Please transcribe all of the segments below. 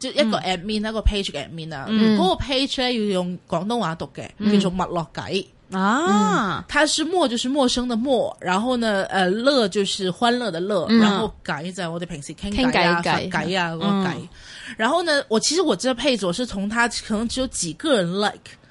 就一個 admin 一、嗯、個 page 嘅 admin 啊，嗰、嗯、個 page 咧要用廣東話讀嘅，嗯、叫做陌樂偈啊。它是陌就是陌生的陌，然後呢，呃，樂就是歡樂的樂，嗯哦、然後偈就我哋平時傾偈啊偈啊偈、嗯，然後呢，我其實我道配咗，是從他可能只有幾個人 like。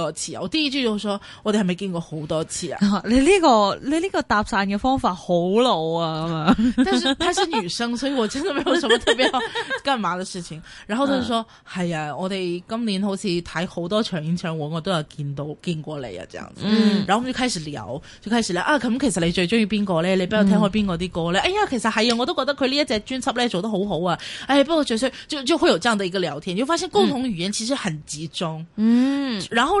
多次，我第一句就說我哋係咪見過好多次啊？你呢、這個你呢個搭訕嘅方法好老啊！咁啊，單身女生，所以我真係沒有什麼特別幹嘛嘅事情。 然後就說：，說係啊，我哋今年好似睇好多場演唱會，我都有見到見過你啊，這樣子。嗯、然後我就開始聊，就開始咧啊，咁其實你最中意邊個咧？你比較聽開邊個啲歌咧？嗯、哎呀，其實係啊，我都覺得佢呢一隻專輯咧做得好好啊！哎，不如就就會有這樣的一個聊天，就發現共同語言其實很集中。嗯，然後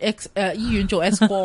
x 誒醫院做 x 光。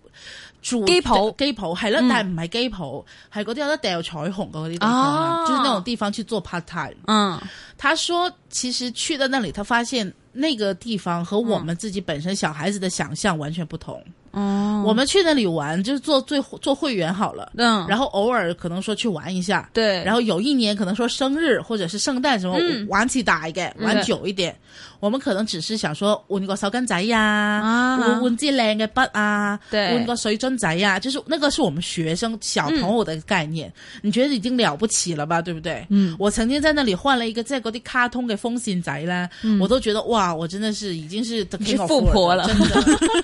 機鋪機鋪係啦，但係唔係機鋪，係嗰啲有得掉彩虹嘅啲地方，就是那種地方去做 part time。嗯，佢話：，其實去到那裡他發現那個地方和我們自己本身小孩子的想象完全不同。嗯，我們去那裡玩，就是、做最做，做會員好了。嗯、然後偶爾可能說去玩一下。對，然後有一年可能說生日或者是聖誕什麼、嗯、玩起大一點，玩久一點。我們可能只是想說，揾個手巾仔呀，揾揾支靚嘅筆啊，揾個水樽仔呀，就是那個是我們學生小朋友的概念。你覺得已經了不起了吧？對不對？嗯，我曾經在那裏換了一個在國啲卡通嘅風信仔啦，我都覺得哇，我真的是已經是，已經富婆了，真的，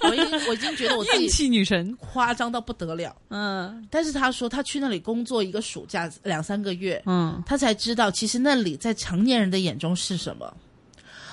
我已我已經覺得我自己，運氣女神誇張到不得了。嗯，但是他說他去那裏工作一個暑假兩三個月，嗯，他才知道其實那裏在成年人的眼中是什麼。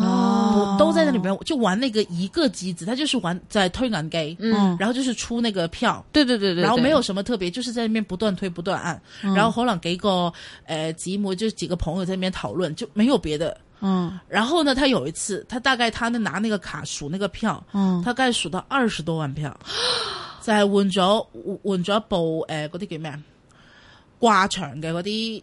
哦、嗯 oh.，都在那裡面就玩那個一個機子，他就是玩在推南機，嗯，然後就是出那個票，對，對對對對，然後沒有什麼特別，就是在那邊不斷推不斷按，嗯、然后後來給一個呃吉姆就幾個朋友在那邊討論，就沒有別的，嗯，然後呢，他有一次他大概他拿那個卡數那個票，嗯，他概數到二十多萬票， 再換咗換咗一部誒嗰啲叫咩掛牆嘅嗰啲。文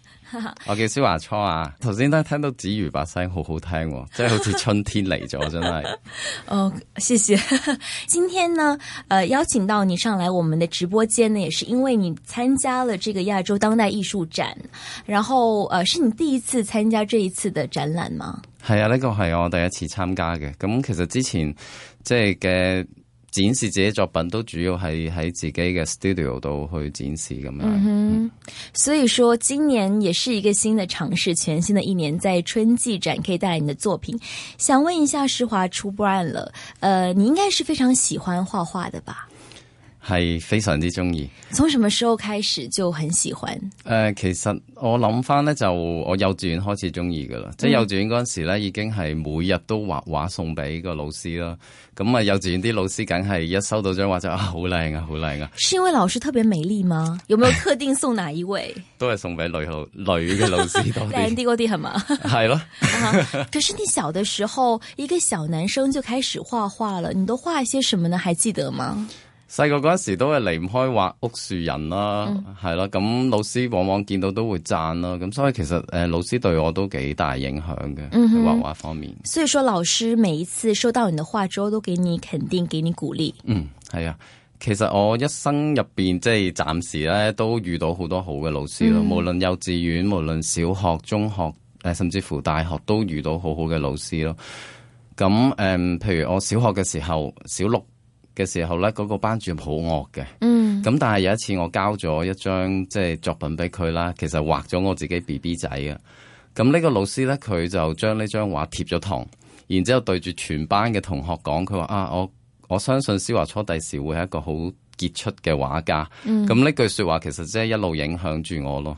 我叫蘇華 初啊，頭先都聽到子瑜把聲好好聽，哦，即係好似春天嚟咗， 真係。哦，謝謝。今天呢，誒、呃、邀請到你上來我們的直播間呢，也是因為你參加了這個亞洲當代藝術展，然後誒、呃，是你第一次參加這一次的展覽嗎？係啊，呢個係我第一次參加嘅。咁其實之前即係嘅。展示自己作品都主要係喺自己嘅 studio 度去展示咁樣，嗯，哼嗯。所以說今年也是一個新的嘗試，全新的一年，在春季展可以帶來你的作品。想問一下施華出 brand 了，呃，你應該是非常喜歡畫畫的吧？係非常之中意，從什麼時候開始就很喜歡？誒、呃，其實我諗翻呢，就我幼稚園開始中意噶啦，嗯、即係幼稚園嗰時呢，已經係每日都畫畫送俾個老師咯。咁、嗯、啊，幼稚園啲老師梗係一收到張畫就說啊，好靚啊，好靚啊！是因為老師特別美麗嗎？有沒有特定送哪一位？ 都係送俾女女嘅老師多啲。啲瓜地係嘛？係咯。可是你小的時候， 一個小男生就開始畫畫了，你都畫一些什麼呢？還記得嗎？細個嗰陣時都係離唔開畫屋樹人啦，啊，係咯，嗯、咁，啊、老師往往見到都會讚咯，啊，咁所以其實誒、呃、老師對我都幾大影響嘅，畫畫、嗯、哼方面。所以說老師每一次收到你的畫作，都給你肯定，給你鼓勵。嗯，係啊，其實我一生入邊即係暫時咧，都遇到好多好嘅老師咯，嗯，無論幼稚園，無論小學、中學，誒，甚至乎大學，都遇到好好嘅老師咯。咁誒、嗯，譬如我小學嘅時候，小六。嘅時候咧，嗰、那個班主任好惡嘅，咁、嗯、但係有一次我交咗一張即係作品俾佢啦，其實畫咗我自己 B B 仔嘅，咁呢個老師咧，佢就將呢張畫貼咗堂，然之後對住全班嘅同學講，佢話啊，我我相信小華初第時會係一個好傑出嘅畫家，咁呢、嗯、句說話其實即係一路影響住我咯。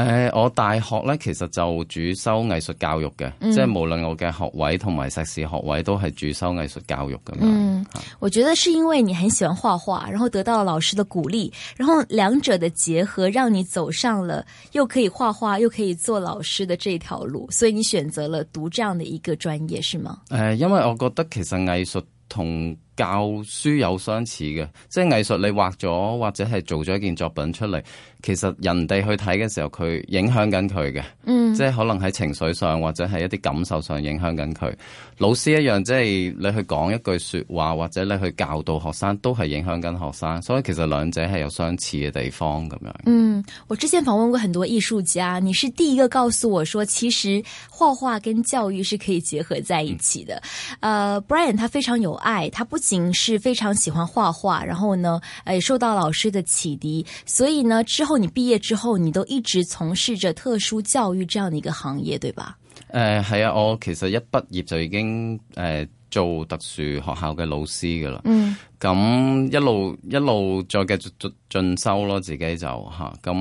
誒、呃，我大學咧其實就主修藝術教育嘅，嗯、即係無論我嘅學位同埋碩士學位都係主修藝術教育咁樣、嗯。我覺得是因為你很喜歡畫畫，然後得到老師的鼓勵，然後兩者的結合，讓你走上了又可以畫畫又可以做老師的這條路，所以你選擇了讀這樣的一個專業，是嗎？誒、呃，因為我覺得其實藝術同。教書有相似嘅。即係藝術你畫咗或者係做咗一件作品出嚟，其實人哋去睇嘅時候，佢影響緊佢嘅，嗯，即係可能喺情緒上或者係一啲感受上影響緊佢。老師一樣，即係你去講一句說話或者你去教導學生，都係影響緊學生。所以其實兩者係有相似嘅地方咁樣。嗯，我之前訪問過很多藝術家，你是第一個告訴我說，其實畫畫跟教育是可以結合在一起的。嗯，uh, Brian 他非常有愛，他不。是非常喜歡畫畫，然後呢，誒、哎，受到老師的啟迪，所以呢，之後你畢業之後，你都一直從事着特殊教育這樣的一個行業，對吧？誒、呃，係啊，我其實一畢業就已經誒、呃、做特殊學校嘅老師㗎喇。嗯，咁、嗯、一路一路再繼續進修咯，自己就吓咁誒，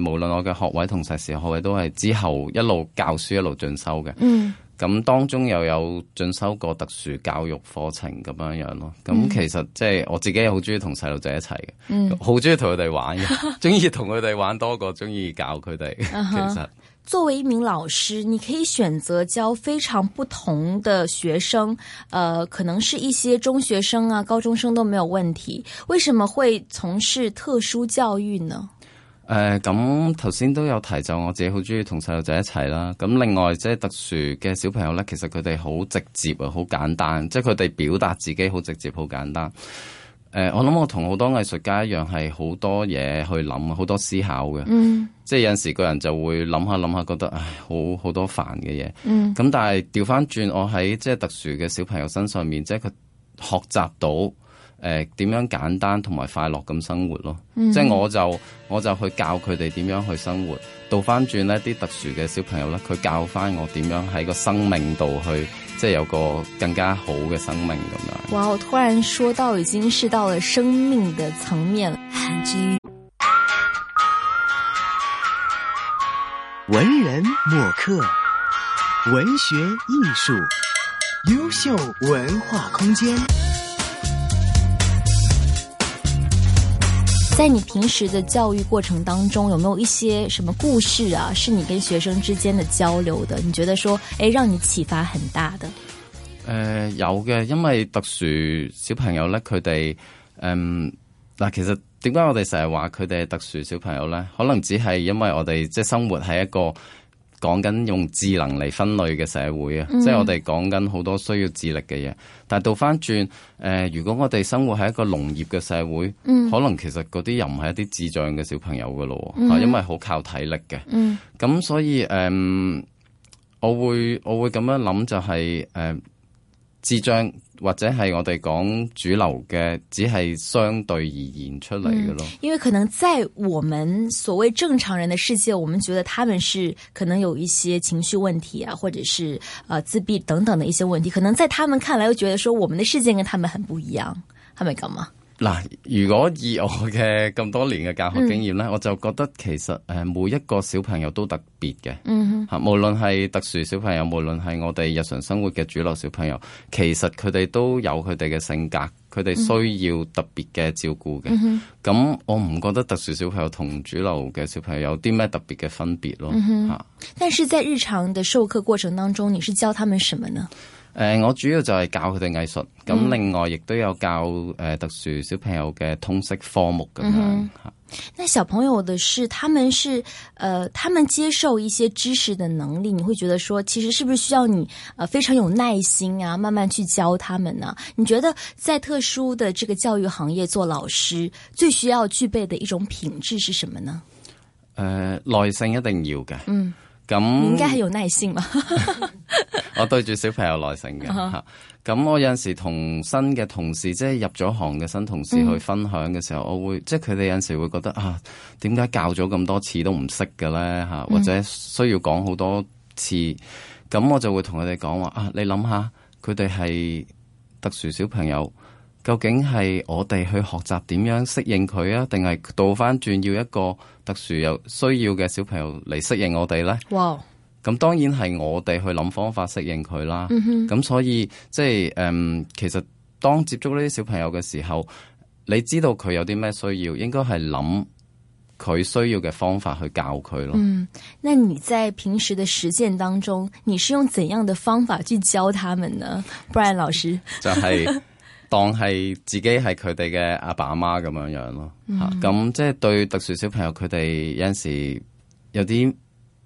無論我嘅學位同碩士學位都係之後一路教書一路進修嘅。嗯。咁當中又有進修過特殊教育課程咁樣樣咯，咁其實即係我自己好中意同細路仔一齊嘅，嗯，好中意同佢哋玩，中意同佢哋玩多過中意教佢哋。其實。uh huh. 作為一名老師，你可以選擇教非常不同的學生，呃，可能是一些中學生啊、高中生都沒有問題。為什麼會從事特殊教育呢？誒、咁頭先都有提，就我自己好中意同細路仔一齊啦。咁另外即係特殊嘅小朋友咧，其實佢哋好直接啊，好簡單，即係佢哋表達自己好直接，好簡單。誒、呃，我諗我同好多藝術家一樣，係好多嘢去諗，好多思考嘅。嗯。即係有陣時個人就會諗下諗下，覺得唉，好好多煩嘅嘢。嗯。咁但係調返轉，我喺即係特殊嘅小朋友身上面，即係佢學習到。誒、呃、點樣簡單同埋快樂咁生活咯，嗯、即係我就我就去教佢哋點樣去生活。倒翻轉呢啲特殊嘅小朋友咧，佢教翻我點樣喺個生命度去，即係有個更加好嘅生命咁樣。哇！我突然說到，已經是到了生命的層面了。之文人墨客，文學藝術，優秀文化空間。在你平時嘅教育過程當中，有沒有一些什麼故事啊？是你跟學生之間的交流的？你覺得說，誒、哎，讓你啟發很大的？誒、呃，有嘅，因為特殊小朋友咧，佢哋，嗯，嗱，其實點解我哋成日話佢哋係特殊小朋友咧？可能只係因為我哋即係生活係一個。講緊用智能嚟分類嘅社會啊，嗯、即係我哋講緊好多需要智力嘅嘢。但係倒翻轉，誒、呃，如果我哋生活喺一個農業嘅社會，嗯、可能其實嗰啲又唔係一啲智障嘅小朋友噶咯，嗯、因為好靠體力嘅。咁、嗯、所以誒、嗯，我會我會咁樣諗就係、是，誒、呃，智障。或者係我哋講主流嘅，只係相對而言出嚟嘅咯、嗯。因為可能在我們所謂正常人的世界，我們覺得他們是可能有一些情緒問題啊，或者是啊、呃、自閉等等的一些問題。可能在他們看來，又覺得說我們的世界跟他們很不一樣，係咪咁啊？嗱，如果以我嘅咁多年嘅教學經驗咧，嗯、我就覺得其實誒，每一個小朋友都特別嘅，吓、嗯哼，無論係特殊小朋友，無論係我哋日常生活嘅主流小朋友，其實佢哋都有佢哋嘅性格，佢哋需要特別嘅照顧嘅。咁、嗯、哼我唔覺得特殊小朋友同主流嘅小朋友有啲咩特別嘅分別咯。吓、嗯，但是在日常的授課過程當中，你是教他們什麼呢？誒、呃，我主要就係教佢哋藝術，咁另外亦都有教誒、呃、特殊小朋友嘅通識科目咁樣吓、嗯。那小朋友的事，他們是，誒、呃，他們接受一些知識的能力，你會覺得說，其實是不是需要你，誒、呃，非常有耐心啊，慢慢去教他們呢？你覺得在特殊的這個教育行業做老師，最需要具備的一種品質是什麼呢？誒、呃，耐性一定要嘅，嗯。咁那應該係有耐性嘛？ 我對住小朋友耐性嘅吓，咁、uh huh. 我有陣時同新嘅同事即係、就是、入咗行嘅新同事去分享嘅時候，嗯、我會即係佢哋有陣時會覺得啊，點解教咗咁多次都唔識嘅咧吓？或者需要講好多次，咁、嗯、我就會同佢哋講話啊，你諗下，佢哋係特殊小朋友。究竟係我哋去學習點樣適應佢啊？定係倒翻轉要一個特殊有需要嘅小朋友嚟適應我哋呢？咁 Wow. 當然係我哋去諗方法適應佢啦。咁、mm hmm. 所以即係、嗯、其實當接觸呢啲小朋友嘅時候，你知道佢有啲咩需要，應該係諗佢需要嘅方法去教佢咯。嗯，那你在平時嘅實踐當中，你是用怎樣的方法去教他們呢？Brian 老師就係、是。 當係自己係佢哋嘅阿爸阿媽咁樣樣咯，吓咁、嗯、即係對特殊小朋友佢哋有陣時有啲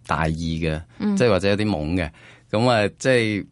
大意嘅，嗯、即係或者有啲懵嘅，咁啊即係。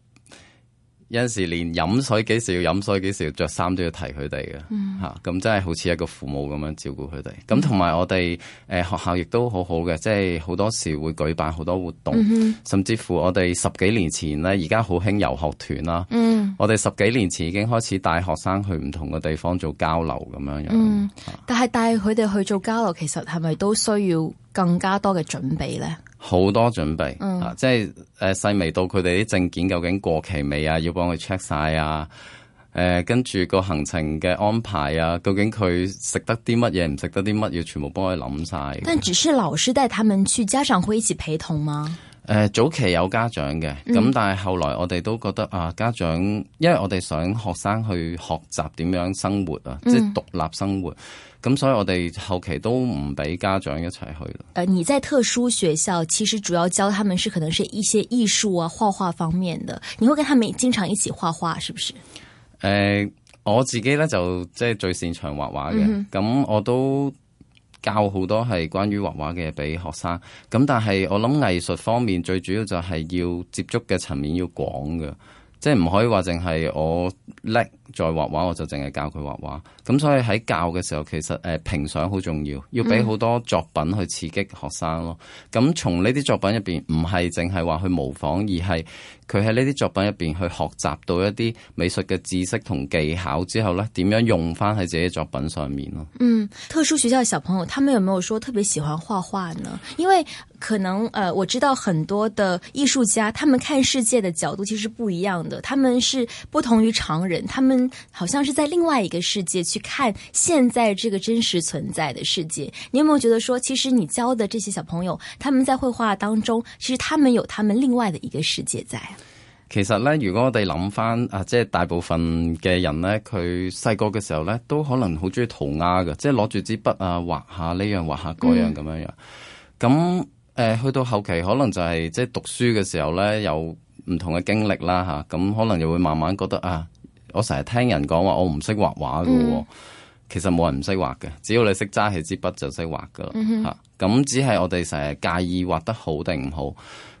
有陣時連飲水，幾時要飲水，幾時要着衫都要提佢哋嘅，嚇咁、嗯啊、真係好似一個父母咁樣照顧佢哋。咁同埋我哋誒、呃、學校亦都好好嘅，即係好多時會舉辦好多活動，嗯、哼甚至乎我哋十幾年前咧，而家好興遊學團啦。嗯、我哋十幾年前已經開始帶學生去唔同嘅地方做交流咁樣樣。啊嗯、但係帶佢哋去做交流，其實係咪都需要更加多嘅準備咧？好多準備、嗯、啊！即係誒，細、呃、微到佢哋啲證件究竟過期未啊？要幫佢 check 晒啊！誒、呃，跟住個行程嘅安排啊，究竟佢食得啲乜嘢唔食得啲乜嘢，要全部幫佢諗晒。但只是老師帶他們去家長會一起陪同嗎？誒、呃，早期有家長嘅，咁、嗯、但係後來我哋都覺得啊，家長因為我哋想學生去學習點樣生活啊，嗯、即係獨立生活。咁所以我哋後期都唔俾家長一齊去。誒，你在特殊學校，其實主要教他們是可能是一些藝術啊、畫畫方面的。你會跟他們經常一起畫畫，是不是？誒、呃，我自己呢就即係最擅長畫畫嘅，咁、嗯、哼我都教好多係關於畫畫嘅俾學生。咁但係我諗藝術方面最主要就係要接觸嘅層面要廣嘅，即係唔可以話淨係我叻再畫畫，我就淨係教佢畫畫。咁、嗯、所以喺教嘅時候，其實誒評賞好重要，要俾好多作品去刺激學生咯。咁從呢啲作品入邊，唔係淨係話去模仿，而係佢喺呢啲作品入邊去學習到一啲美術嘅知識同技巧之後咧，點樣用翻喺自己作品上面咯？嗯，特殊學校嘅小朋友，他們有沒有說特別喜歡畫畫呢？因為可能誒、呃，我知道很多的藝術家，他們看世界的角度其實不一樣的，他們是不同於常人，他們好像是在另外一個世界去。看現在這個真實存在的世界，你有沒有覺得說，其實你教的這些小朋友，他們在繪畫當中，其實他們有他們另外的一個世界在。其實呢，如果我哋諗翻啊，即係大部分嘅人呢，佢細個嘅時候呢，都可能好中意塗鴉嘅，即係攞住支筆啊，畫下呢樣，畫下嗰樣咁樣、嗯、樣。咁、嗯、誒、呃，去到後期可能就係、是、即係讀書嘅時候呢，有唔同嘅經歷啦吓，咁、啊、可能又會慢慢覺得啊。我成日聽人講話，我唔識畫畫噶，其實冇人唔識畫嘅，只要你識揸起支筆就識畫噶啦吓。咁、嗯哼啊、只係我哋成日介意畫得好定唔好。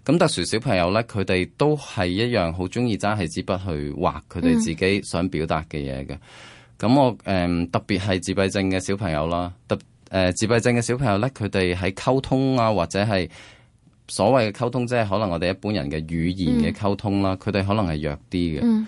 咁特殊小朋友咧，佢哋都係一樣好中意揸起支筆去畫佢哋自己想表達嘅嘢嘅。咁、嗯、我誒、嗯、特別係自閉症嘅小朋友啦，特誒、呃、自閉症嘅小朋友咧，佢哋喺溝通啊或者係所謂嘅溝通，即係可能我哋一般人嘅語言嘅溝通啦、啊，佢哋、嗯、可能係弱啲嘅。嗯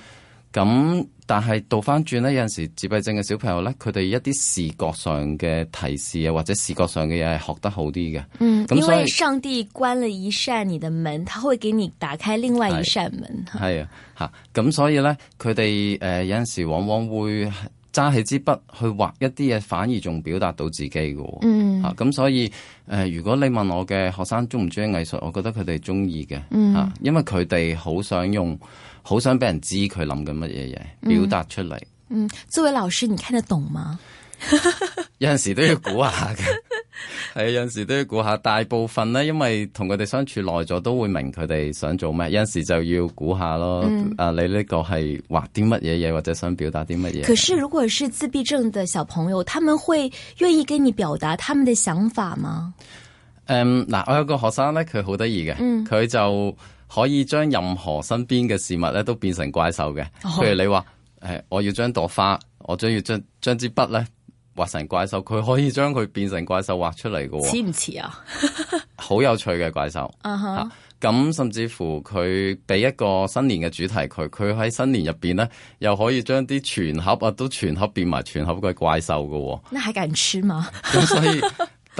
咁、嗯，但係倒翻轉咧，有陣時自閉症嘅小朋友咧，佢哋一啲視覺上嘅提示啊，或者視覺上嘅嘢係學得好啲嘅。嗯，咁、嗯、因為上帝關了一扇你的門，他會給你打開另外一扇門。係啊，吓咁所以咧，佢哋誒有陣時往往會揸起支筆去畫一啲嘢，反而仲表達到自己嘅。嗯，吓咁所以誒，如果你問我嘅學生中唔中意藝術，我覺得佢哋中意嘅。嗯，吓因為佢哋好想用。嗯嗯好想俾人知佢諗緊乜嘢嘢，嗯、表達出嚟。嗯，作為老師，你聽得懂嗎？ 有陣時都要估下嘅，係啊 有陣時都要估下。大部分咧，因為同佢哋相處耐咗，都會明佢哋想做咩。有陣時就要估下咯。嗯、啊，你呢個係畫啲乜嘢嘢，或者想表達啲乜嘢？可是，如果是自閉症的小朋友，他們會願意跟你表達他們的想法嗎？誒、嗯，嗱，我有個學生咧，佢好得意嘅，佢、嗯、就。可以將任何身邊嘅事物咧都變成怪獸嘅，譬如你話，誒，我要將朵花，我將要將將支筆咧畫成怪獸，佢可以將佢變成怪獸畫出嚟嘅，似唔似啊？好有趣嘅怪獸，咁甚至乎佢俾一個新年嘅主題，佢佢喺新年入邊咧，又可以將啲全盒啊都全盒變埋全盒嘅怪獸嘅，那人敢嘛咁所以。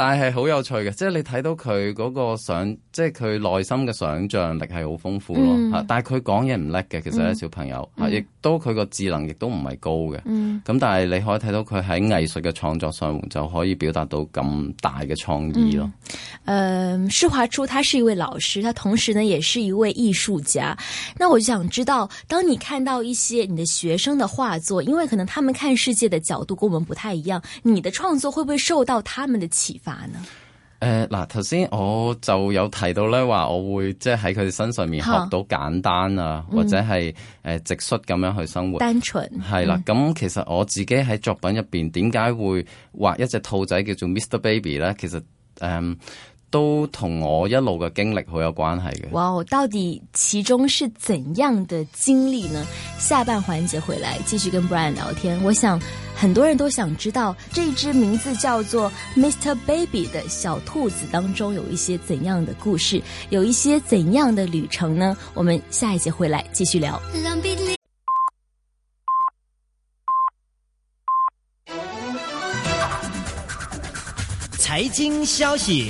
但係好有趣嘅，即係你睇到佢個想，即係佢內心嘅想像力係好豐富咯吓。嗯、但係佢講嘢唔叻嘅，其實啲小朋友，亦、嗯嗯、都佢個智能亦都唔係高嘅。咁、嗯、但係你可以睇到佢喺藝術嘅創作上就可以表達到咁大嘅創意咯。嗯，呃、施華初，他是一位老師，他同時呢也是一位藝術家。那我就想知道，當你看到一些你的學生的畫作，因為可能他們看世界的角度跟我們不太一樣，你的創作會不會受到他們的啟發？誒，嗱、嗯，頭先我就有提到咧，話我會即係喺佢哋身上面學到簡單啊，嗯、或者係誒直率咁樣去生活，單純係啦。咁、嗯、其實我自己喺作品入邊，點解會畫一隻兔仔叫做 Mr. Baby 咧？其實誒。嗯都同我一路嘅經歷好有關係嘅。哇，wow，到底其中是怎樣的經歷呢？下半環節回來繼續跟 Brian 聊天，我想很多人都想知道這隻名字叫做 Mr. Baby 的小兔子當中有一些怎樣的故事，有一些怎樣的旅程呢？我們下一節回來繼續聊。財經消息。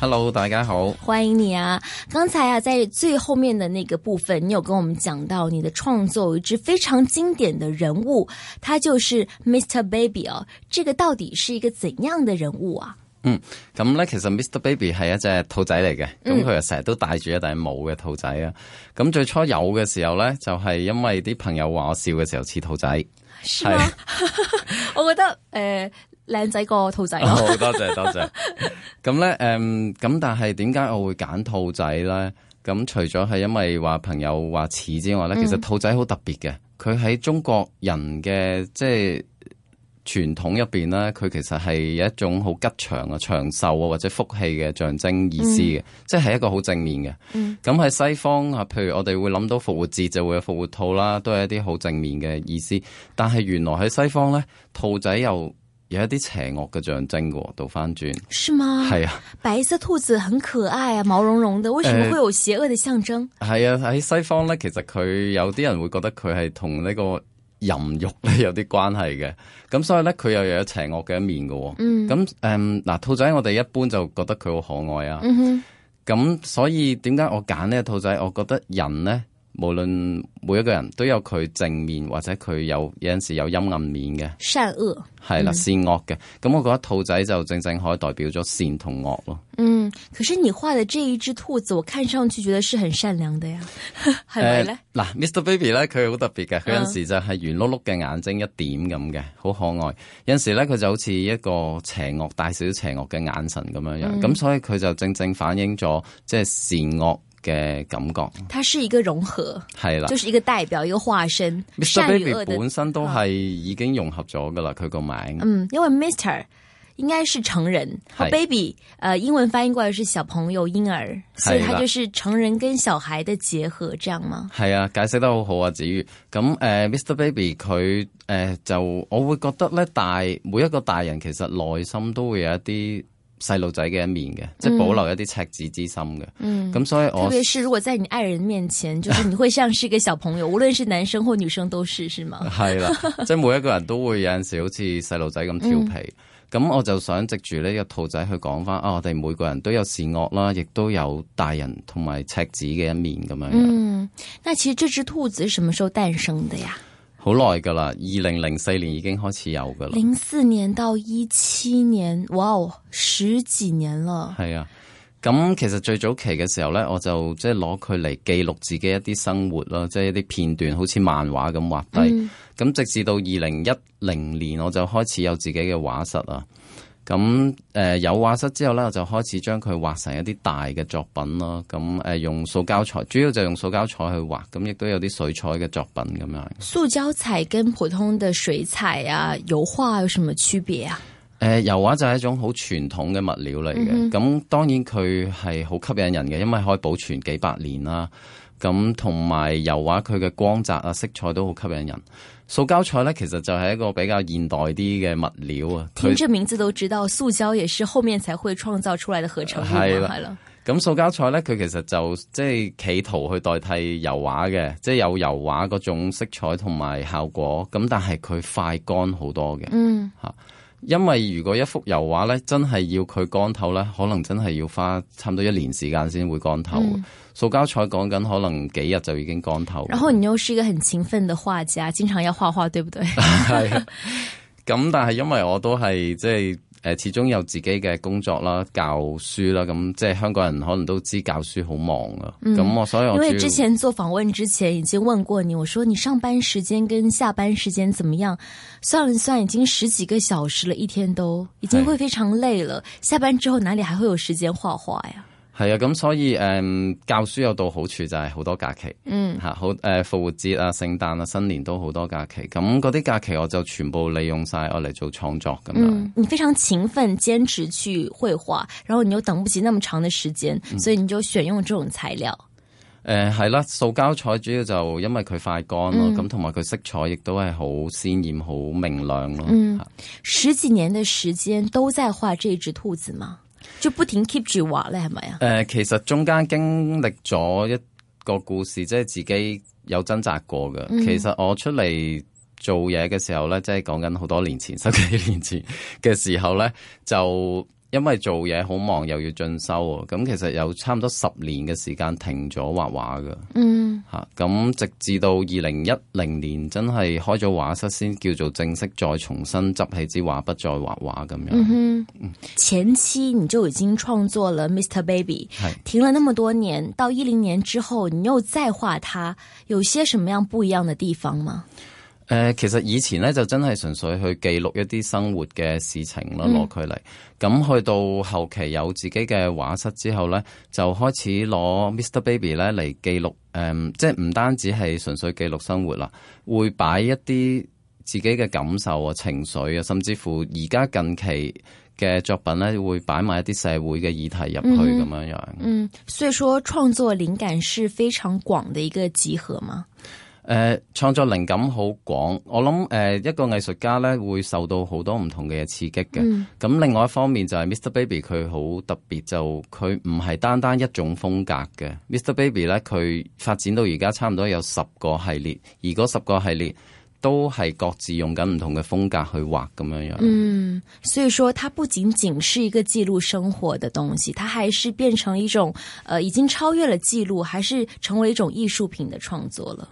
Hello，大家好，歡迎你啊！剛才啊，在最後面的那個部分，你有跟我們講到你的創作有一隻非常經典的人物，他就是 Mr. Baby 哦。這個到底是一個怎樣的人物啊？嗯，咁咧，其實 Mr. Baby 係一隻兔仔嚟嘅，咁佢又成日都戴住一頂帽嘅兔仔啊。咁、嗯、最初有嘅時候咧，就係、是、因為啲朋友話我笑嘅時候似兔仔，係，我覺得誒。呃靚仔個兔仔好多謝多謝。咁咧，誒， 咁、嗯、但係點解我會揀兔仔咧？咁除咗係因為話朋友話似之外咧，嗯、其實兔仔好特別嘅。佢喺中國人嘅即係傳統入邊咧，佢其實係有一種好吉祥啊、長壽啊或者福氣嘅象徵意思嘅，嗯、即係一個好正面嘅。咁喺、嗯、西方啊，譬如我哋會諗到復活節就會有復活兔啦，都係一啲好正面嘅意思。但係原來喺西方咧，兔仔又。有一啲邪惡嘅象徵喎、哦，倒翻轉是嗎？係啊，白色兔子很可愛啊，毛茸茸的，為什麼會有邪惡的象徵？係、呃、啊，喺西方咧，其實佢有啲人會覺得佢係同呢個淫欲咧有啲關係嘅，咁所以咧佢又有一邪惡嘅一面嘅、哦嗯。嗯，咁，嗱，兔仔我哋一般就覺得佢好可愛啊，咁、嗯、哼所以點解我揀咧兔仔？我覺得人咧。無論每一個人都有佢正面，或者佢有有陣時有陰暗面嘅善惡係啦，善惡嘅，咁我覺得兔仔就正正可以代表咗善同惡咯。嗯，可是你畫的這一隻兔子，我看上去覺得是很善良的呀，係咪咧？嗱，呃、，Mr. Baby 咧，佢好特別嘅，佢有陣時就係圓碌碌嘅眼睛一點咁嘅，好可愛。有陣時咧，佢就好似一個邪惡大小邪惡嘅眼神咁樣樣，咁、嗯、所以佢就正正反映咗即係善惡。嘅感覺，它是一個融合，係啦，就是一個代表，一個化身。Mr. Baby 本身都係已經融合咗噶啦，佢個、oh. 名。嗯，因為 Mr. 應該是成人是，和 Baby，誒、呃，英文翻譯過來是小朋友、嬰兒，啦所以佢就是成人跟小孩的結合，這樣嗎？係啊，解釋得好好啊，子瑜。咁誒、uh,，Mr. Baby 佢誒，uh, 就我會覺得咧，大每一個大人其實內心都會有一啲。細路仔嘅一面嘅，即係保留一啲赤子之心嘅。嗯，咁所以我特別是如果在你愛人面前，就是你會像是一個小朋友， 無論是男生或女生都是，是嗎？係啦了， 即係每一個人都會有陣時好似細路仔咁調皮。咁、嗯、我就想藉住呢個兔仔去講翻，啊，我哋每個人都有善惡啦，亦都有大人同埋赤子嘅一面咁樣。嗯，那其實這隻兔子是什麼時候誕生的呀？好耐噶啦，二零零四年已經開始有噶啦。零四年到一七年，哇哦，十幾年啦。係啊，咁其實最早期嘅時候咧，我就即係攞佢嚟記錄自己一啲生活咯，即係一啲片段，好似漫畫咁畫低。咁，嗯，直至到二零一零年，我就開始有自己嘅畫室啊。咁誒有畫室之後咧，我就開始將佢畫成一啲大嘅作品咯。咁誒、呃、用塑膠彩，主要就用塑膠彩去畫，咁亦都有啲水彩嘅作品咁樣。塑膠彩跟普通嘅水彩啊、油畫有什麼區別啊？誒、呃，油畫就係一種好傳統嘅物料嚟嘅。咁、嗯嗯、當然佢係好吸引人嘅，因為可以保存幾百年啦、啊。咁同埋油畫佢嘅光澤啊、色彩都好吸引人。塑膠彩咧，其實就係一個比較現代啲嘅物料啊。聽住名字都知道，塑膠也是後面才會創造出來的合成物啦。係啦、嗯，咁塑膠彩咧，佢其實就即係企圖去代替油畫嘅，即係有油畫嗰種色彩同埋效果。咁但係佢快乾好多嘅。嗯，吓。因為如果一幅油畫咧，真係要佢乾透咧，可能真係要花差唔多一年時間先會乾透。塑膠、嗯、彩講緊可能幾日就已經乾透。然後你又是一個很勤奮的畫家，經常要畫畫，對不對？係 啊。咁但係因為我都係即係。呃，始終有自己嘅工作啦，教書啦，咁即係香港人可能都知教書好忙啊。咁我所以因為之前做訪問之前已經問過你，我說你上班時間跟下班時間怎麼樣？算了算已經十幾個小時了，一天都已經會非常累了。下班之後哪裏還會有時間畫畫呀？係啊，咁所以誒、嗯、教書有到好處就係好多假期，嗯吓好誒復活節啊、聖誕啊、啊、新年都好多假期，咁嗰啲假期我就全部利用晒我嚟做創作咁樣、嗯。你非常勤奮堅持去繪畫，然後你又等不及那麼長嘅時間，所以你就選用這種材料。誒係啦，塑膠彩主要就因為佢快乾咯，咁同埋佢色彩亦都係好鮮艷、好明亮咯。嗯，十幾年嘅時間都在畫這隻兔子嗎？就不停 keep 住話咧，係咪啊？誒、呃，其實中間經歷咗一個故事，即係自己有掙扎過嘅。嗯、其實我出嚟做嘢嘅時候咧，即係講緊好多年前，十幾年前嘅時候咧， 就。因為做嘢好忙，又要進修，咁其實有差唔多十年嘅時間停咗畫畫㗎，嗯，吓咁直至到二零一零年真係開咗畫室，先叫做正式再重新執起支畫筆再畫畫咁樣。前期你就已經創作了 Mr. Baby，是停了那麼多年，到一零年之後你又再畫它，有些什麼樣不一樣的地方嗎？誒、呃，其實以前咧就真係純粹去記錄一啲生活嘅事情咯，攞佢嚟。咁去到後期有自己嘅畫室之後咧，就開始攞 Mr. Baby 咧嚟記錄。誒、嗯，即係唔單止係純粹記錄生活啦，會擺一啲自己嘅感受啊、情緒啊，甚至乎而家近期嘅作品咧會擺埋一啲社會嘅議題入去咁樣樣、嗯。嗯，所以說創作靈感是非常廣的一個集合嘛。誒、呃、創作靈感好廣，我諗誒、呃、一個藝術家咧會受到好多唔同嘅嘢刺激嘅。咁、嗯、另外一方面就係 Mr. Baby 佢好特別，就佢唔係單單一種風格嘅。Mr. Baby 咧佢發展到而家差唔多有十個系列，而嗰十個系列都係各自用緊唔同嘅風格去畫咁樣樣。嗯，所以說，它不僅僅是一個記錄生活嘅東西，它還是變成一種誒、呃、已經超越了記錄，還是成為一種藝術品的創作了。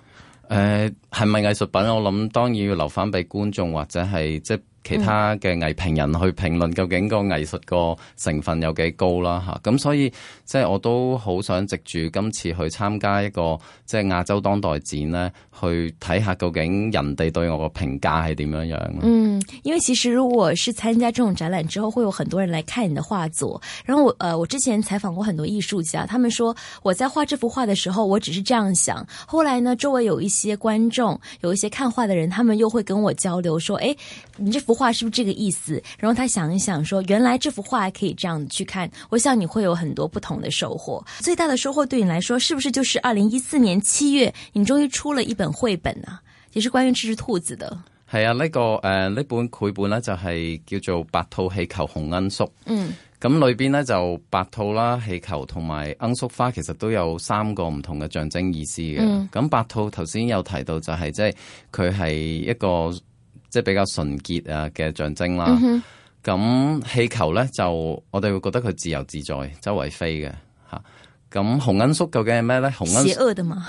誒，係咪藝術品？我諗當然要留翻俾觀眾，或者係即，其他嘅藝評人去評論究竟個藝術個成分有幾高啦，吓，咁所以即係我都好想藉住今次去參加一個即係亞洲當代展呢，去睇下究竟人哋對我個評價係點樣樣？嗯，因為其實如果我是參加這種展覽之後，會有很多人來看你的畫作。然後我，呃、我之前採訪過很多藝術家，他們說我在畫這幅畫的時候，我只是這樣想。後來呢，周圍有一些觀眾，有一些看畫的人，他們又會跟我交流，說：，誒、欸，你這幅。畫是不是這個意思？然後他想一想說，說原來這幅畫還可以這樣去看。我想你會有很多不同的收穫。最大的收穫對你來說，是不是就是二零一四年七月，你終於出了一本繪本啊？也是關於這隻兔子的。係啊，呢、這個誒呢、呃、本繪本呢，就係叫做《白兔氣球紅罌粟》。嗯，咁裏邊呢，就白兔啦、氣球同埋罌粟花，其實都有三個唔同嘅象徵意思嘅。咁、嗯、白兔頭先有提到就係、是、即係佢係一個。即係比較純潔啊嘅象徵啦，咁氣、嗯、哼球咧就我哋會覺得佢自由自在周圍飛嘅吓，咁、啊、紅罌粟究竟係咩咧？紅罌粟咧邪惡嘅嘛，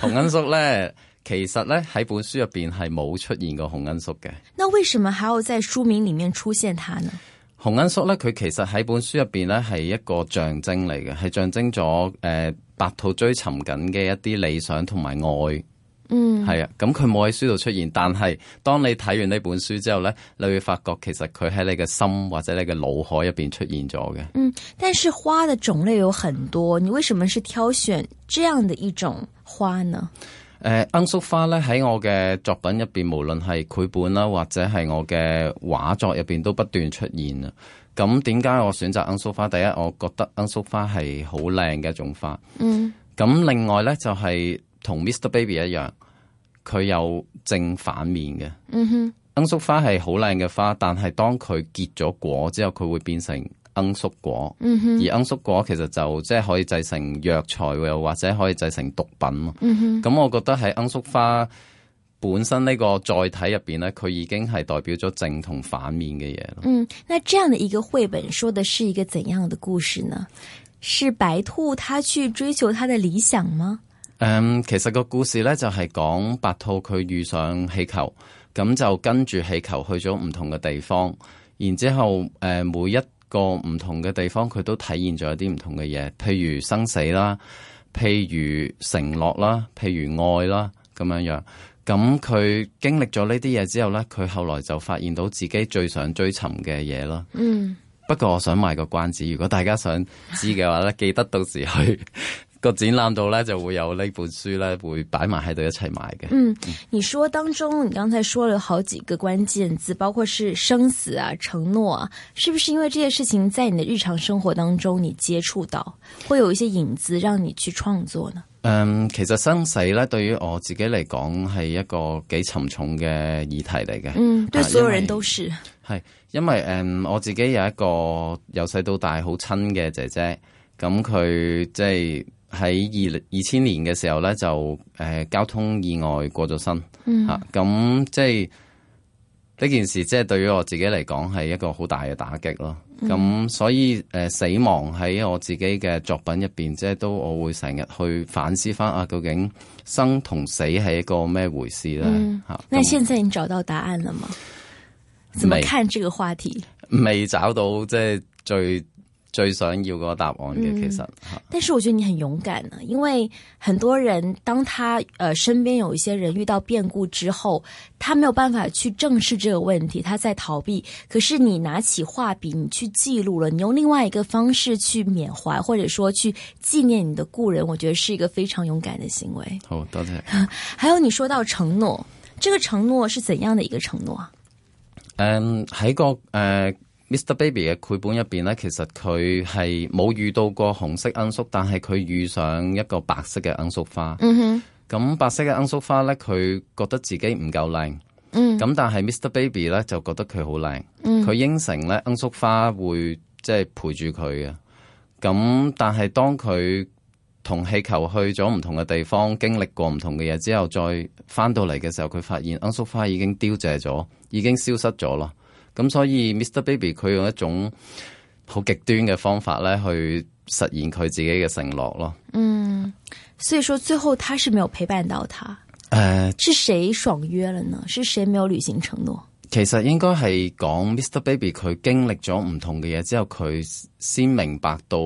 其實咧喺本書入邊係冇出現過紅罌粟嘅。那為什麼還要在書名裏面出現它呢？紅罌粟咧，佢其實喺本書入邊咧係一個象徵嚟嘅，係象徵咗誒白兔追尋緊嘅一啲理想同埋愛。嗯，係啊，咁佢冇喺書度出現，但係當你睇完呢本書之後咧，你會發覺其實佢喺你嘅心或者你嘅腦海入邊出現咗嘅。嗯，但是花的種類有很多，你為什麼是挑選這樣的一種花呢？誒、呃，罌粟花咧喺我嘅作品入邊，無論係繪本啦、啊，或者係我嘅畫作入邊，都不斷出現啊。咁點解我選擇罌粟花？第一，我覺得罌粟花係好靚嘅一種花。嗯。咁另外咧就係、是、同 Mr. Baby 一樣。佢有正反面嘅，嗯哼，罌粟花係好靚嘅花，但係當佢結咗果之後，佢會變成罌粟果，嗯、哼而罌粟果其實就即係可以製成藥材，又或者可以製成毒品。咁、嗯哼嗯、我覺得喺罌粟花本身呢個載體入邊咧，佢已經係代表咗正同反面嘅嘢咯。嗯，那這樣的一個繪本說的是一個怎樣的故事呢？是白兔他去追求他的理想嗎？誒，um, 其實個故事咧就係、是、講白兔佢遇上氣球，咁就跟住氣球去咗唔同嘅地方，然之後誒、呃、每一個唔同嘅地方佢都體現咗一啲唔同嘅嘢，譬如生死啦，譬如承諾啦，譬如愛啦，咁樣樣。咁佢經歷咗呢啲嘢之後咧，佢後來就發現到自己最想追尋嘅嘢啦。嗯。不過我想賣個關子，如果大家想知嘅話咧，記得到時去。 個展覽度咧就會有呢本書咧會擺埋喺度一齊賣嘅。嗯，你說當中你剛才說了好幾個關鍵字，包括是生死啊、承諾啊，是不是因為這些事情在你的日常生活當中你接觸到，會有一些影子讓你去創作呢？嗯，其實生死咧對於我自己嚟講係一個幾沉重嘅議題嚟嘅。嗯，對所有人都是。係、啊、因為、因為嗯我自己有一個由細到大好親嘅姐姐，咁佢即係。就是喺二二千年嘅時候咧，就誒、呃、交通意外過咗身，吓咁即係呢件事，即係對於我自己嚟講係一個好大嘅打擊咯。咁、嗯、所以誒、呃、死亡喺我自己嘅作品入邊，即係都我會成日去反思返啊，究竟生同死係一個咩回事咧？吓、嗯啊，那你現在你找到答案了嗎？沒怎麼看這個話題？未找到，即係最。最想要個答案嘅，其實，嗯。但是我覺得你很勇敢啊，因為很多人當他呃身邊有一些人遇到變故之後，他沒有辦法去正視這個問題，他在逃避。可是你拿起畫筆，你去記錄了，你用另外一個方式去緬懷，或者說去紀念你的故人，我覺得是一個非常勇敢的行為。好，多謝，謝。還有你說到承諾，這個承諾是怎樣的一個承諾？嗯，喺個誒。呃 Mr. Baby 嘅繪本入邊咧，其實佢係冇遇到過紅色罌粟，但係佢遇上一個白色嘅罌粟花。咁、mm hmm. 白色嘅罌粟花咧，佢覺得自己唔夠靚。嗯、mm，咁、hmm. 但係 Mr. Baby 咧就覺得佢好靚。佢、mm hmm. 應承咧罌粟花會即係、就是、陪住佢嘅。咁但係當佢同氣球去咗唔同嘅地方，經歷過唔同嘅嘢之後，再翻到嚟嘅時候，佢發現罌粟花已經凋謝咗，已經消失咗咯。咁所以 Mr. Baby 佢用一種好極端嘅方法咧，去實現佢自己嘅承諾咯。嗯，所以說最後他是沒有陪伴到他。誒、呃，是誰爽約了呢？是誰沒有履行承諾？其實應該係講 Mr. Baby 佢經歷咗唔同嘅嘢之後，佢先明白到。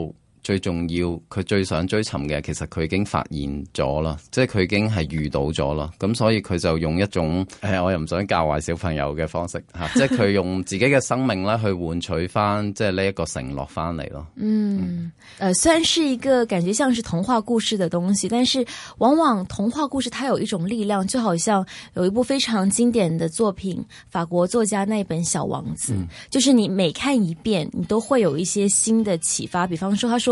最重要，佢最想追尋嘅，其實佢已經發現咗啦，即係佢已經係遇到咗啦，咁所以佢就用一種誒、哎，我又唔想教壞小朋友嘅方式吓， 即係佢用自己嘅生命咧去換取翻，即係呢一個承諾翻嚟咯。嗯，誒、嗯呃，雖然是一個感覺像是童話故事的東西，但是往往童話故事，它有一種力量，就好像有一部非常經典嘅作品，法國作家那本《小王子》，嗯，就是你每看一遍，你都會有一些新的啟發。比方說，他說。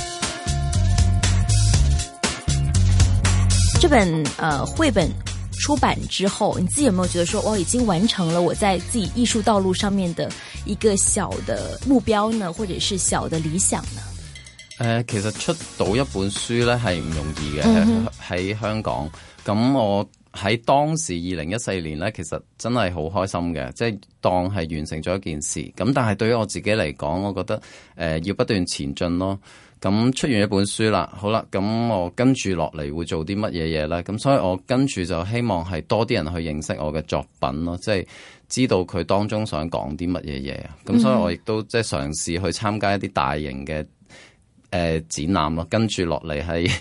這本呃繪本出版之後，你自己有沒有覺得說，哇、哦，已經完成了我在自己藝術道路上面的一個小的目標呢，或者是小的理想呢？誒、呃，其實出到一本書咧係唔容易嘅，嗯哼。喺香港。咁我喺當時二零一四年咧，其實真係好開心嘅，即係當係完成咗一件事。咁但係對於我自己嚟講，我覺得誒、呃，要不斷前進咯。咁出完一本書啦，好啦，咁我跟住落嚟會做啲乜嘢嘢呢？咁所以我跟住就希望係多啲人去認識我嘅作品咯，即係知道佢當中想講啲乜嘢嘢。咁所以我亦都即係嘗試去參加一啲大型嘅誒展覽咯。跟住落嚟係，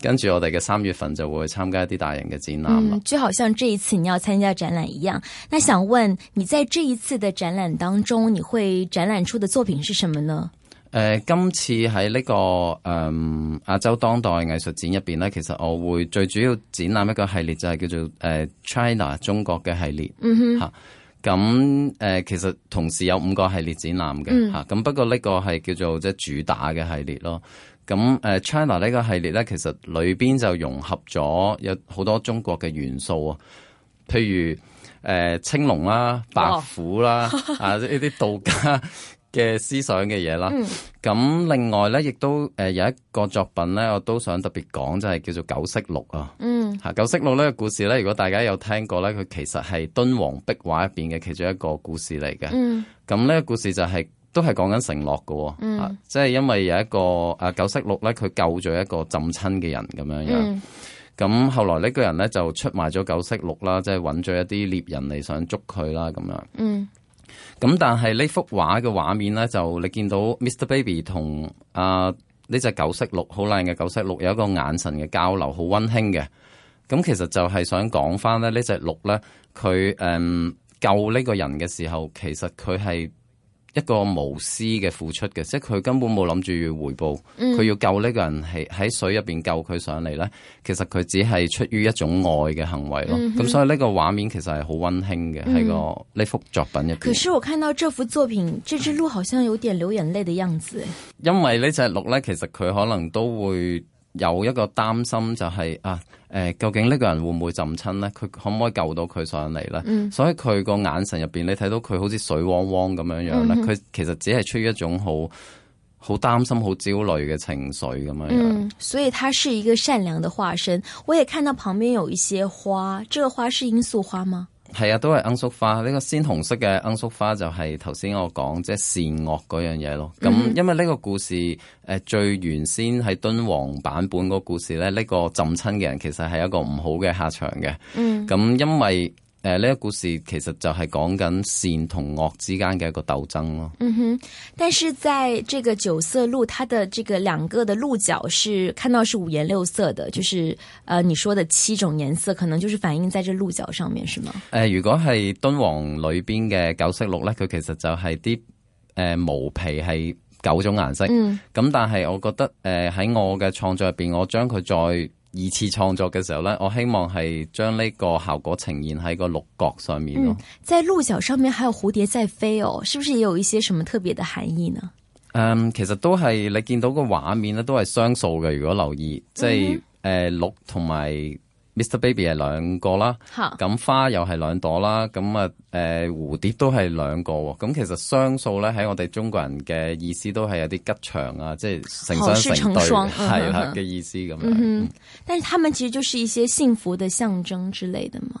跟住、呃、我哋嘅三月份就會去參加一啲大型嘅展覽。啦、嗯、就好像這一次你要參加展覽一樣，那想問你在這一次的展覽當中，你會展覽出的作品是什麼呢？呃、今次喺呢、這個誒、嗯、亞洲當代藝術展入邊咧，其實我會最主要展覽一個系列就係、是、叫做、呃、China 中國嘅系列咁，嗯哼啊呃、其實同時有五個系列展覽嘅咁，嗯啊、不過呢個係叫做即係主打嘅系列咯。咁、呃、China 呢個系列咧，其實裏邊就融合咗有好多中國嘅元素啊，譬如、呃、青龍啦、白虎啦、哦、啊呢啲道家。 嘅思想嘅嘢啦，咁、嗯、另外咧，亦都誒、呃、有一個作品咧，我都想特別講，就係、是、叫做《九色鹿》啊。嗯，吓《九色鹿》呢個故事咧，如果大家有聽過咧，佢其實係敦煌壁畫入邊嘅其中一個故事嚟嘅。嗯，咁呢個故事就係、是、都係講緊承諾㗎，嗯，即係、啊就是、因為有一個誒、啊《九色鹿》咧，佢救咗一個浸親嘅人咁樣樣。咁、嗯、後來呢個人咧就出賣咗《九色鹿》啦，即係揾咗一啲獵人嚟想捉佢啦，咁樣。嗯。咁但係呢幅畫嘅畫面呢，就你見到 Mr. Baby 同啊呢隻九色鹿好靚嘅九色鹿有一個眼神嘅交流，好溫馨嘅。咁其實就係想講翻咧，呢隻鹿呢，佢誒、嗯、救呢個人嘅時候，其實佢係。一個無私嘅付出嘅，即係佢根本冇諗住要回報，佢要救呢個人係喺水入邊救佢上嚟咧，其實佢只係出於一種愛嘅行為咯。咁、嗯、哼所以呢個畫面其實係好溫馨嘅，喺個呢幅作品入邊。可是我看到這幅作品，這隻鹿好像有點流眼淚的樣子。因為呢隻鹿咧，其實佢可能都會。有一個擔心就係、是、啊，誒、欸，究竟呢個人會唔會浸親呢？佢可唔可以救到佢上嚟呢？嗯、所以佢個眼神入邊，你睇到佢好似水汪汪咁樣樣咧。佢、嗯、哼其實只係出於一種好好擔心、好焦慮嘅情緒咁樣樣、嗯。所以他是一個善良的化身。我也看到旁邊有一些花，這個花是罌粟花嗎？係啊，都係罌粟花。呢、這個鮮紅色嘅罌粟花就係頭先我講即係善惡嗰樣嘢咯。咁因為呢個故事誒、mm hmm. 最原先喺敦煌版本個故事咧，呢、這個浸親嘅人其實係一個唔好嘅下場嘅。嗯、mm，咁、hmm. 因為。誒，呢、呃這個故事其實就係講緊善同惡之間嘅一個鬥爭咯。嗯哼，但是在這個九色鹿，它的這個兩個的鹿角是看到是五顏六色的，就是，呃，你說的七種顏色，可能就是反映在這鹿角上面，是嗎？誒、呃，如果係敦煌裏邊嘅九色鹿呢，佢其實就係啲，誒毛皮係九種顏色。嗯。咁但係我覺得，誒、呃、喺我嘅創作入邊，我將佢再。二次創作嘅時候呢，我希望係將呢個效果呈現喺個鹿角上面咯、嗯。在鹿角上面還有蝴蝶在飛哦，是不是也有一些什麼特別的含義呢？嗯，其實都係你見到個畫面呢都係雙數嘅。如果留意，即係誒鹿同埋。嗯哼呃 Mr. Baby 係兩個啦，咁好花又係兩朵啦，咁啊，誒、呃、蝴蝶都係兩個，咁其實雙數咧喺我哋中國人嘅意思都係有啲吉祥啊，即、就、係、是、成雙成對係啦嘅意思咁。的嗯，但係他們其實就是一些幸福嘅象徵之類的嘛。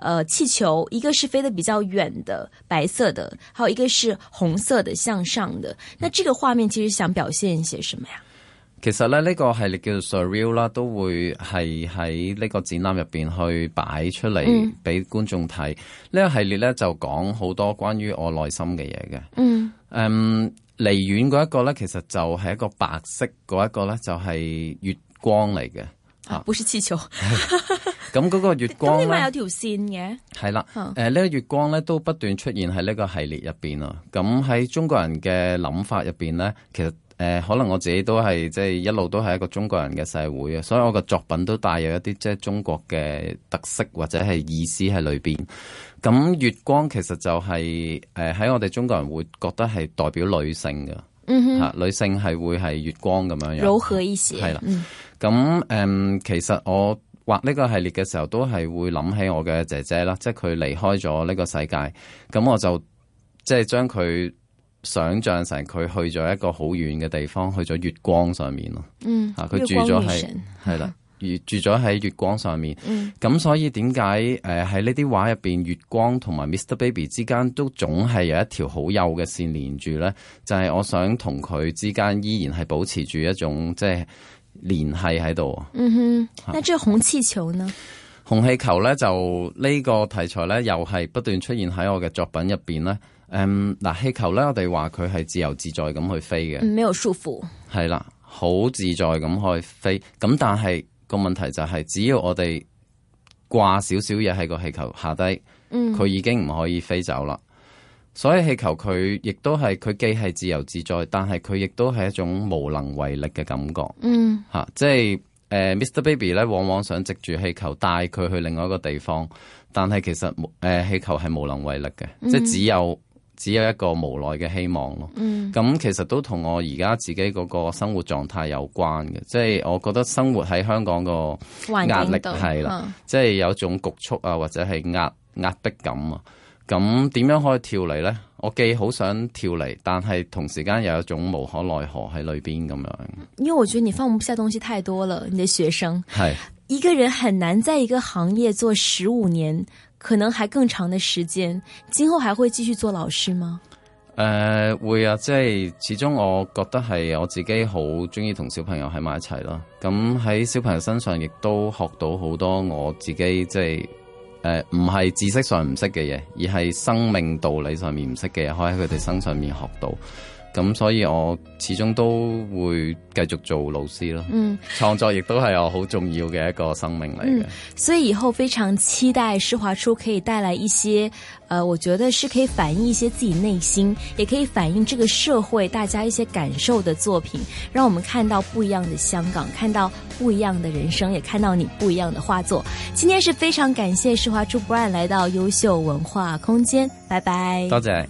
呃，氣球，一個是飛得比較遠的白色的，還有一個是紅色的向上的。那這個畫面其實想表現一些什麼啊？其實咧，呢個系列叫做 Surreal 啦，都會係喺呢個展覽入邊去擺出嚟俾、嗯、觀眾睇。呢個系列呢，就講好多關於我內心嘅嘢嘅。嗯，誒，um, 離遠嗰一個呢，其實就係一個白色嗰一個呢，就係、是、月光嚟嘅。啊，不是氣球。 咁嗰個月光為咩有條線嘅？係啦，誒，呢個月光咧都不斷出現喺呢個系列入邊啊。咁喺中國人嘅諗法入邊咧，其實誒、呃，可能我自己都係即係一路都係一個中國人嘅社會啊，所以我嘅作品都帶有一啲即係中國嘅特色或者係意思喺裏邊。咁月光其實就係誒喺我哋中國人會覺得係代表女性嘅，吓、嗯哼呃、女性係會係月光咁樣樣柔和意思？係啦了。咁誒、嗯呃，其實我。畫呢個系列嘅時候，都係會諗起我嘅姐姐啦，即係佢離開咗呢個世界，咁我就即係將佢想象成佢去咗一個好遠嘅地方，去咗月光上面咯。嗯，啊，佢住咗喺，係啦，住咗喺月光上面。嗯，咁所以點解誒喺呢啲畫入邊，月光同埋 Mr. Baby 之間都總係有一條好幼嘅線連住咧？就係、是、我想同佢之間依然係保持住一種即係。聯繫喺度，嗯哼，嗱，隻紅氣球呢？紅氣球呢？就呢、呢個題材呢，又係不斷出現喺我嘅作品入邊呢，誒、嗯，嗱，氣球呢，我哋話佢係自由自在咁去飛嘅、嗯，沒有束縛，係啦，好自在咁去飛。咁但係個問題就係、係，只要我哋掛少少嘢喺個氣球下低，嗯，佢已經唔可以飛走啦。所以氣球佢亦都係佢既係自由自在，但係佢亦都係一種無能為力嘅感覺。嗯，吓、啊，即係誒、呃，Mr. Baby 咧，往往想藉住氣球帶佢去另外一個地方，但係其實誒呃、氣球係無能為力嘅，嗯、即係只有只有一個無奈嘅希望咯。嗯，咁其實都同我而家自己嗰個生活狀態有關嘅，嗯、即係我覺得生活喺香港個壓力係啦，嗯、即係有種局促啊，或者係壓壓迫感啊。咁點樣可以跳離呢？我既好想跳離，但係同時間又有一種無可奈何喺裏邊咁樣。因為我覺得你放不下東西太多了，你的學生係是一個人很難在一個行業做十五年，可能還更長的時間，今後還會繼續做老師嗎？誒、呃，會啊，即係始終我覺得係我自己好中意同小朋友喺埋一齊咯。咁喺小朋友身上亦都學到好多我自己即係。誒，唔係、呃、知識上唔識嘅嘢，而係生命道理上面唔識嘅嘢，可以喺佢哋身上面學到。咁所以我始終都會繼續做老師咯，嗯，創作亦都係我好重要嘅一個生命嚟嘅，嗯。所以以後非常期待施華初可以帶來一些，呃，我覺得是可以反映一些自己內心，也可以反映這個社會大家一些感受嘅作品，讓我們看到不一樣的香港，看到不一樣的人生，也看到你不一樣的畫作。今天是非常感謝施華初 Brian 來到優秀文化空間，拜拜，多謝。